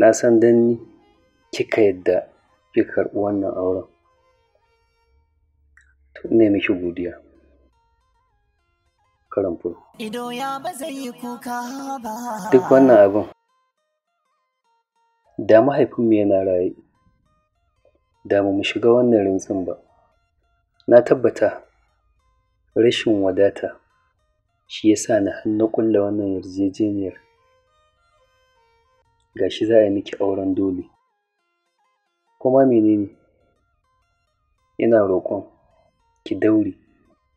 na san dan kika yadda kika karɓi wannan auren to ina miki godiya karan furu duk wannan abin da mahaifinmu yana raye da mu shiga wannan rintsin ba na tabbata rashin wadata shi yasa na hannu ƙulla wannan yarjejeniyar gashi za a miki auren dole kuma menene ina roƙon ki daure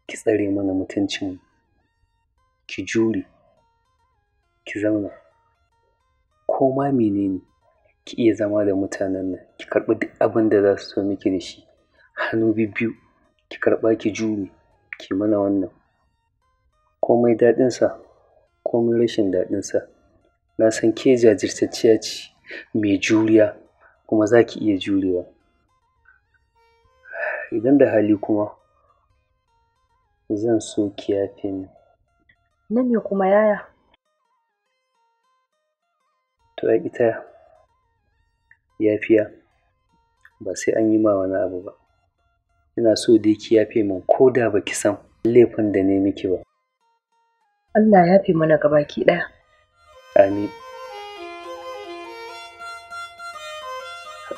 ki tsare mana mutuncin, ki jure ki zauna ko ma menene ki iya zama da mutanen nan ki karɓi duk abin da za su so miki da shi hannu biyu ki karɓa ki jure ki mana wannan komai daɗinsa komai rashin daɗinsa na san ke jajirtacciya ce mai juriya kuma za ki iya jurewa idan da hali kuma zan so ki yafe ni na me kuma yaya to ai ita yafiya ba sai an yi ma wani abu ba ina so dai ki yafe min ko da ba san laifin da ne miki ba Allah ya fi mana gabaki ɗaya Amin.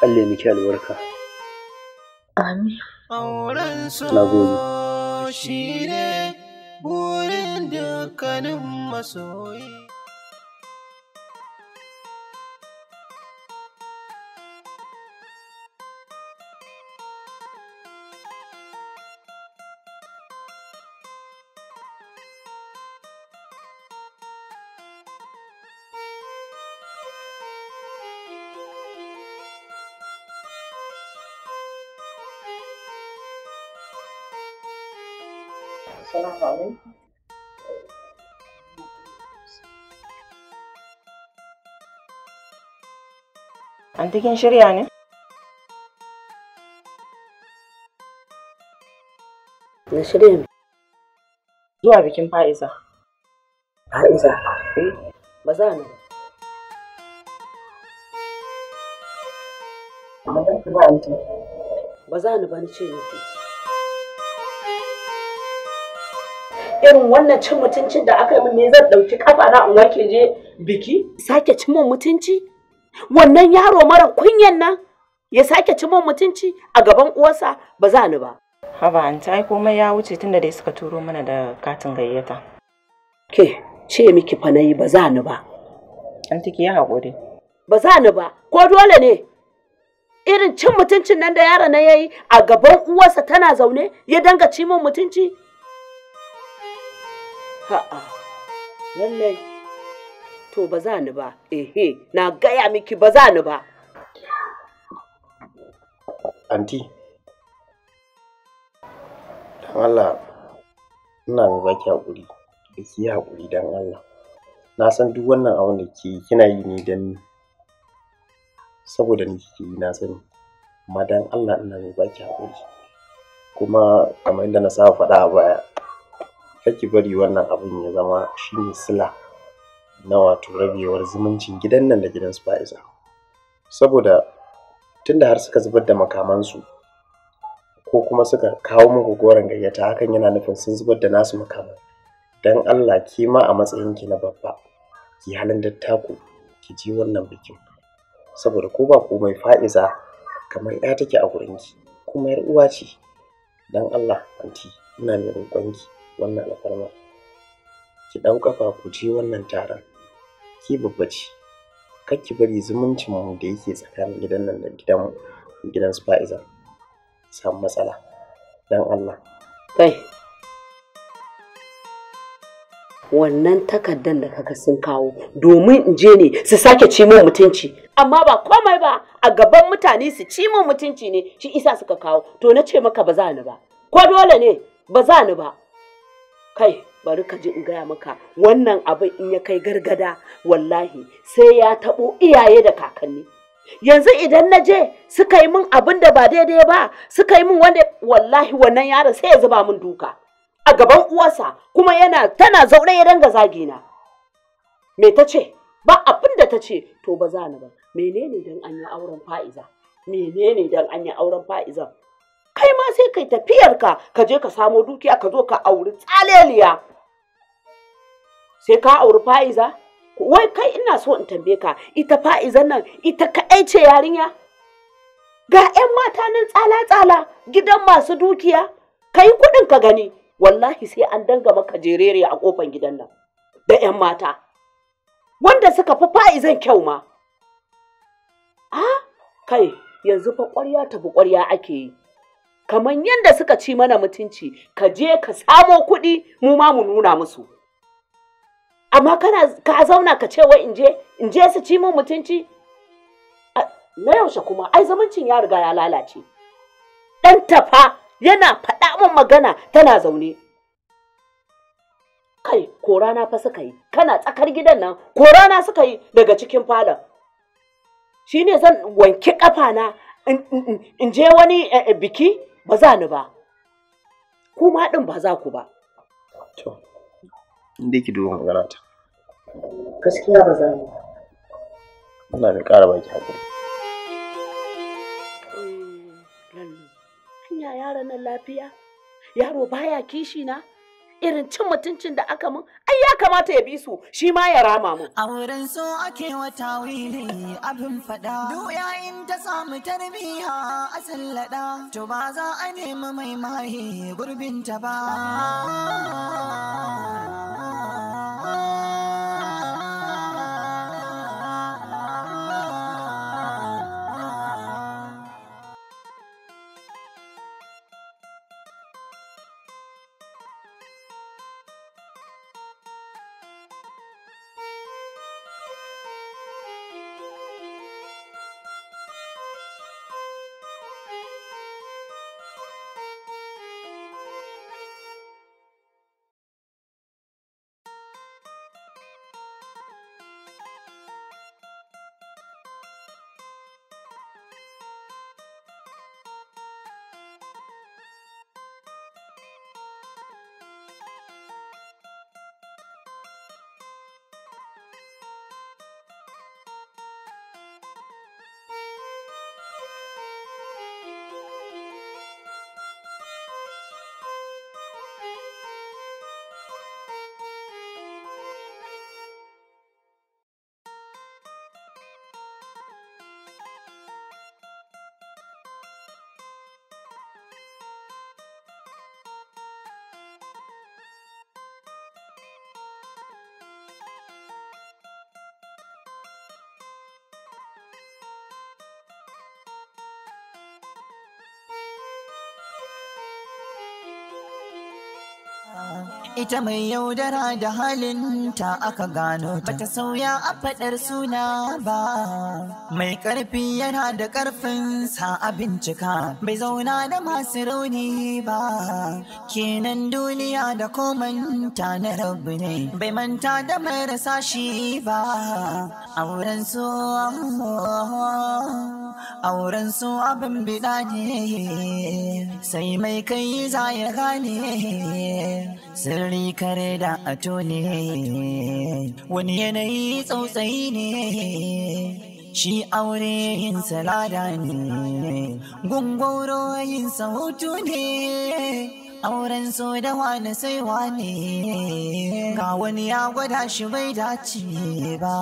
Allah miki albarka. Amin. Na gode. Shi ne burin dukkanin masoyi. Assalamu alaikum. An kin shirya ne? Na shirya ne. Zuwa bikin fa'iza. Fa'iza? Eh, ba za ni ba. Ba za ba ni irin wannan cin mutuncin da aka yi ne zan ɗauki kafa na in wanke je biki sake cin mutunci wannan yaro mara kunyan nan ya sake cin min mutunci a gaban uwarsa ba za ni ba haba an ta komai ya wuce tunda dai suka turo mana da katin gayyata ke ce miki fa nayi ba za ni ba an take ya haƙuri ba za ni ba ko dole ne irin cin mutuncin nan da yaro na yayi a gaban uwarsa tana zaune ya danga cin min mutunci Ha'a, lallai, to ba za ni ba, ehe, na gaya miki ba za ni ba. Anti, don Allah, ina mai baki haƙuri, da ki yi haƙuri don Allah. Na san duk wannan abin da ke kina yi ne don saboda ni ke yi na sani, amma don Allah ina mai baki haƙuri. Kuma kamar yadda na saba faɗa a baya, kake ki bari wannan abun ya zama shine sila na wato rabewar zumuncin gidan nan da gidan su Fa'iza saboda tunda har suka zubar da makamansu ko kuma suka kawo muku goren gayyata hakan yana nufin sun zubar da nasu makaman dan Allah ki ma a ki na babba ki halin dattaku ki ji wannan bikin saboda ko ba komai fa'iza kamar ya take a gurinki kuma yar uwa ce dan Allah anti ina neman roƙonki wannan alfarma, ki ɗau ƙafa ku je wannan taron ke babba ce kar ki bari zumuncin mu da yake tsakanin gidan nan da gidan gidan su fa'iza samu matsala Dan Allah kai wannan takardan da kaka sun kawo domin in je ne su sake ci min mutunci amma ba komai ba a gaban mutane su ci min mutunci ne shi isa suka kawo to na ce maka ba za ni ba ko dole ne ba za ni ba kai bari ka ji in gaya maka wannan abin in ya kai gargada wallahi sai ya taɓo iyaye da kakanni yanzu idan na je suka yi min abin da ba daidai ba suka yi min wanda wallahi wannan yaron sai ya zuba min duka a gaban uwarsa kuma yana tana zaune ya danga zagi na me ta ce ba abin da ta ce to ba za ni ba menene dan an auren fa'iza menene dan an auren fa'iza kai ma sai kai tafiyarka ka je ka samo dukiya ka zo ka auri tsaleliya sai ka auri fa'iza wai kai ina so in tambaye ka ita fa'izan nan ita kaɗai ce yarinya ga 'yan mata nan tsala-tsala gidan masu dukiya ka yi kuɗin ka gani wallahi sai an danga maka jerere a ƙofan gidan nan da 'yan mata wanda suka fi fa'izan kyau ma a ah, kai yanzu fa ƙwarya tafi ƙwarya ake yi kamar yadda suka ci mana mutunci ka je ka samo kuɗi mu ma mu nuna musu amma kana ka zauna ka ce wai in je su ci mu mutunci na yaushe kuma ai zamancin ya riga ya lalace ɗan tafa yana faɗa min magana tana zaune kai ko rana fa suka yi kana tsakar gidan nan ko rana suka yi daga cikin falon shine zan wanki na in je wani eh, eh, biki ba za ni ba ku ma din ba za ku ba to inda ki duba magana ta gaskiya ba za ni ina da ƙara baki hakuri hanya eh, yaran nan lafiya yaro baya kishi na irin cin mutuncin da aka mun ai ya kamata ya bi su shi ma ya rama mu a wurin su ake wata wili abin fada yayin ta samu tarbiya a sallada to ba za a nemi mai mahi gurbin ta ba Oh. Ita mai yaudara da halin ta aka gano ta bata sauya a faɗar suna ba. Mai ƙarfi yana da ƙarfin sa a bincika bai zauna da masu rauni ba. Kenan duniya da komanta na rabu ne bai manta da marasa shi ba. Auren su auren su abin bida ne sai mai kai za ya gane. sirri kare da ato ne wani yanayi tsautsayi ne shi aure yin salada ne gungoro yin sautu ne auren so da wani sai ne ga wani ya gwada shi bai dace ba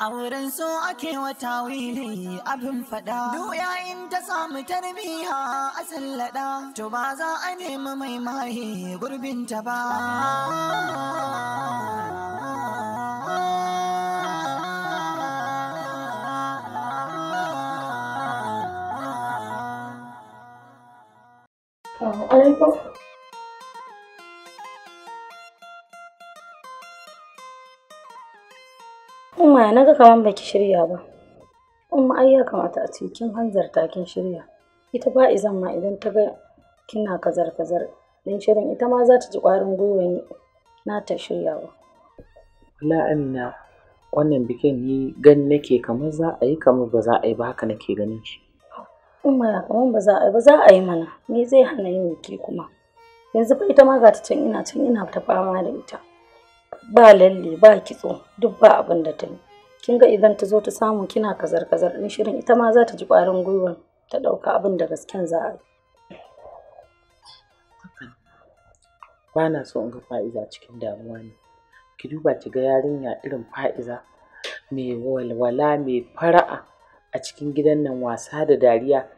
Auren so ake wata wili abin fada. Duk yayin ta samu tarbiya a sallada, to ba za a nemi mai gurbin ta ba. umma na ga kaman baki shirya ba umma ai ya kamata a ce kin hanzarta kin shirya ita ba izan ma idan ta ga kina kazar kazar din shirin ita ma za ta ji ƙwarin gwiwa na ta shirya ba wala amina wannan bikin ni gani nake kamar za a yi kamar ba za a yi ba haka nake ganin shi umma ya kamar ba za a yi ba za a yi mana me zai hana yin biki kuma yanzu fa ita ma ga ta can ina can ina ta fama da ita ba lalle ba kitso duk ba abin da ta yi kin ga idan ta zo ta samu kina kazar kazar din shirin ita ma za ta ji ƙwarin gwiwa ta ɗauka abin da gasken za a yi ba na so in ga fa'iza cikin damuwa ne ki duba ki ga yarinya irin fa'iza mai walwala mai fara'a a cikin gidan nan wasa da dariya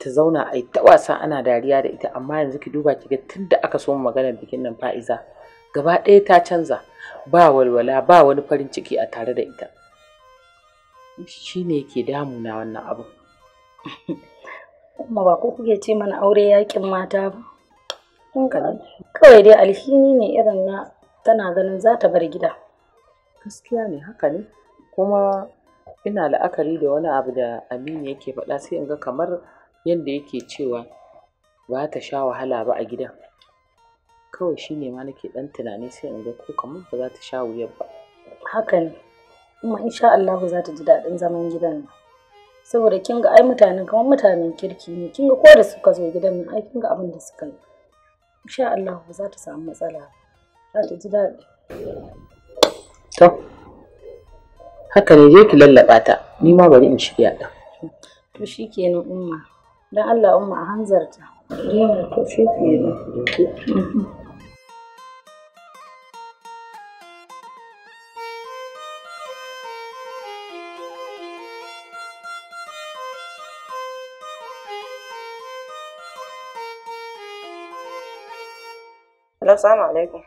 ta zauna a ta wasa ana dariya da ita amma yanzu ki duba ki ga tunda aka so maganar bikin nan fa'iza gaba ɗaya ta canza ba walwala ba wani farin ciki a tare da ita shi ne ke damuna wannan abu kuma ba ku kuke ce mana aure yakin mata ba kawai dai alhini ne irin na tana ganin za ta bar gida gaskiya ne haka ne kuma ina la'akari da wani abu da aminu yake faɗa sai in ga kamar yadda yake cewa ba ta sha wahala ba a gidan kawai shi ne ma nake ɗan tunani sai in ga ko kamar ba za ta sha wuyar ba haka ne kuma insha Allah za ta ji daɗin zaman gidan saboda kin ga ai mutanen kamar mutanen kirki ne kin ga ko da suka zo gidan nan ai kin ga abin da suka yi insha Allah za ta samu matsala za ta ji daɗi to haka ne je ki lallaba ta ni ma bari in shirya ɗan to shikenan umma dan Allah umma a hanzarta Assalamu alaikum.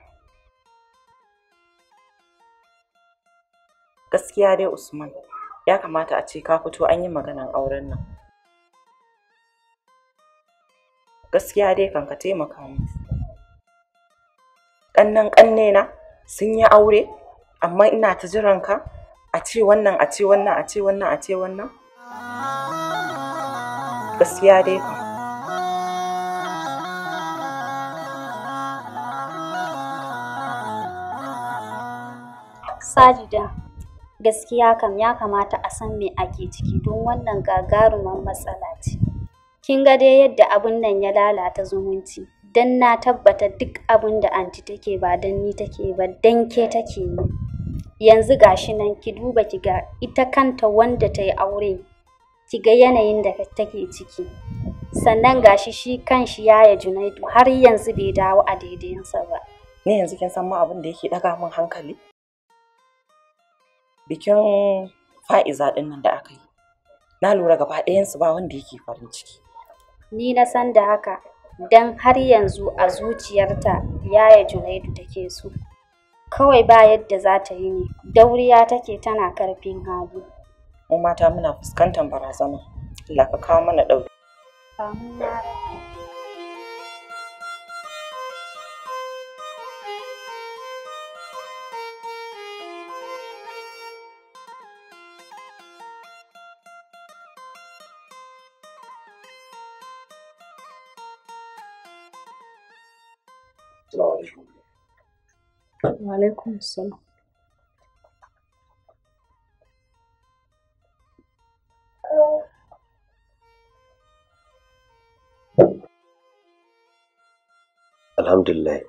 Gaskiya dai Usman, ya kamata a ce ka fito an yi maganar auren nan. gaskiya dai kan ka taimaka mu ƙannan ƙanne na sun yi aure amma ina ta jiran ka a ce wannan a ce wannan a ce wannan a ce wannan gaskiya dai kan Sajida, gaskiya kam ya kamata a san me ake ciki don wannan gagaruman matsala. Kin ga dai yadda abun nan ya lalata zumunci. Dan na tabbata duk abun da anti take ba dan ni take ba dan ke take yi. Yanzu gashi nan ki duba ki ga ita kanta wanda ta yi aure ki ga yanayin da take ciki. Sannan gashi shi kanshi ya Junaidu har yanzu bai dawo a daidaiyansa ba. Ni yanzu kin san ma abin da yake daga min hankali? Bikin fa'iza din nan da aka yi. Na lura gaba ɗayansu ba wanda yake farin ciki. Ni na san da haka, don har yanzu a zuciyarta yaya Junaidu take so. Kawai ba yadda za ta yi ne, dauriya take tana karfin hagu. mata muna fuskantar barazana, Allah ka kawo mana dauki Amin. alaikum salam alhamdulillah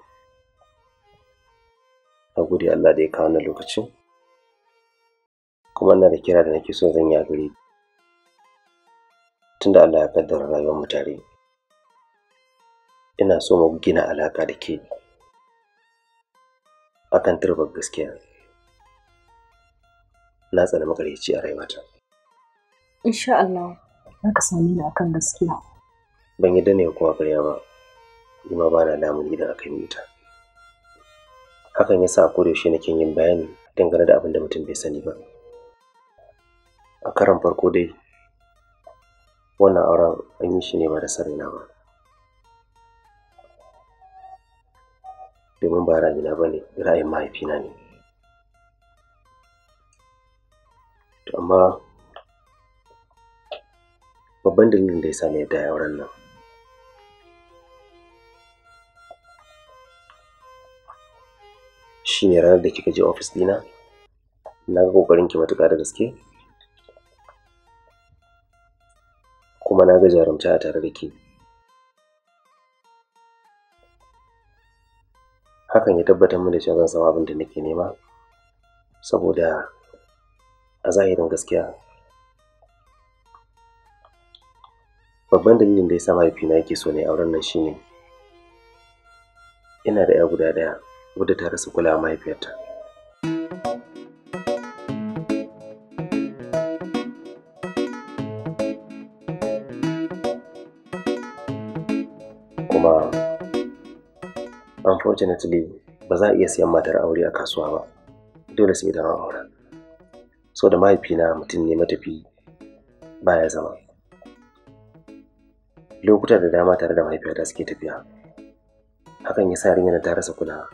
a gode Allah da ya kawo wannan lokacin kuma ina da kira da nake so zan yi a gare tunda Allah ya kaddara rayuwar mu ina so mu gina alaka da ke akan turbar gaskiya na tsana makaryaci a rayuwata insha Allah za ka same ni akan gaskiya ban yadda ne kuma karya ba ni ma bana lamuni da aka yi ta hakan yasa a shi nake yin bayani dangane da abin da mutum bai sani ba a karan farko dai wannan auren an yi shi ne ba da sarina ba domin ba ra'ayina ba ne ra'ayin mahaifina ne to amma babban dalilin da ya sa na yadda auren nan shi ne ranar da kika je ofis dina na ga kokarin ki matuƙa da gaske kuma na ga jarumta a tare da ke hakan ya tabbatar min da cewa zan samu abin da nake nema saboda a zahirin gaskiya babban dalilin da ya sa mahaifina yake so ne auren nan shine ina da 'ya guda daya wadda ta rasa kulawa mahaifiyarta unfortunately ba za a iya siyan matar aure a kasuwa ba dole sai idan aure. so da mahaifina mutum ne matafi baya zama lokuta da dama tare da mahaifiyata suke tafiya hakan ya sa yana ta rasa kula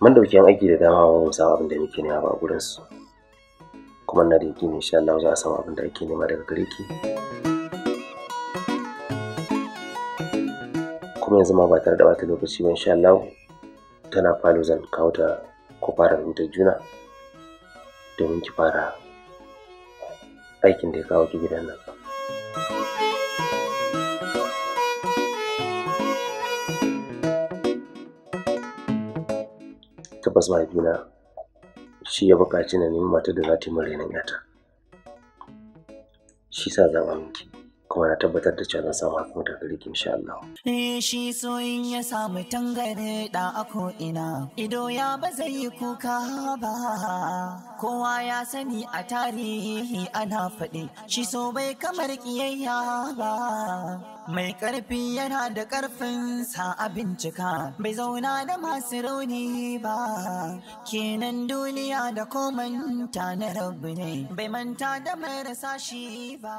mun dauki yan aiki da dama ba mu abin da muke nema ba a su kuma na da yakin insha Allah za a samu abin da ake nema daga gare ki. kuma yanzu ma ba tare da bata lokaci ba insha Allah tana falo zan kawo ta ku fara rubuta juna domin ki fara aikin da ya kawo ki gidan nan. Tabbas juna shi ya buƙaci na nemi matar da za ta yi min 'yata. Shi sa zan miki. kuma na tabbatar da cewa zan samu hakan da gari ki insha Allah. shi soyin ya samu tangare da ako ina ido ya ba zai yi kuka ba kowa ya sani a tarihi ana faɗi shi so bai kamar kiyayya ba. Mai ƙarfi yana da ƙarfin sa a bincika bai zauna da masu rauni ba. Kenan duniya da komanta na rabu ne bai manta da marasa shi ba.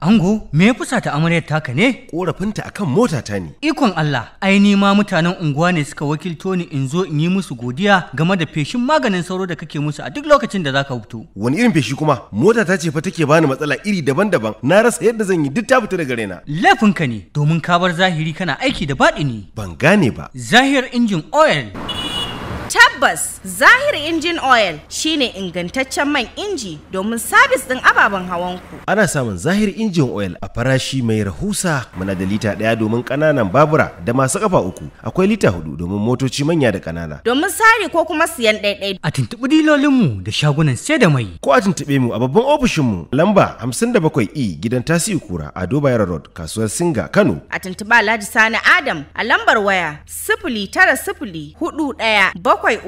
Ango, me ya fusata amaryar taka ne? Ƙorafinta akan mota ta ne. Ikon Allah, ai ni ma mutanen unguwa ne suka wakilto ni in zo in yi musu godiya game da feshin maganin sauro da kake musu a duk lokacin da za ka fito. Wani irin feshi kuma? Mota ta ce fa take bani matsala iri daban-daban. Na rasa yadda zan yi duk ta fita daga raina. ka ne, domin ka bar zahiri kana aiki da baɗi ne. Ban gane ba. Zahir injin oil. Ta Tabbas Zahir Injin Oil shine ingantaccen man inji domin sabis ɗin ababen hawan ku. Ana samun Zahir Injin Oil a farashi mai rahusa muna da lita daya domin kananan babura da masu kafa uku akwai lita hudu domin motoci manya da kanana. Domin sari ko kuma siyan ɗaiɗai. A tuntuɓi mu da shagunan sai da mai. Ko a tuntuɓe mu a babban ofishin mu. lamba 57 E gidan Tasiu Kura a Dubai Road kasuwar Singa Kano. A tuntuɓa Alhaji Sani Adam a lambar waya sifili tara sifili hudu ɗaya bakwai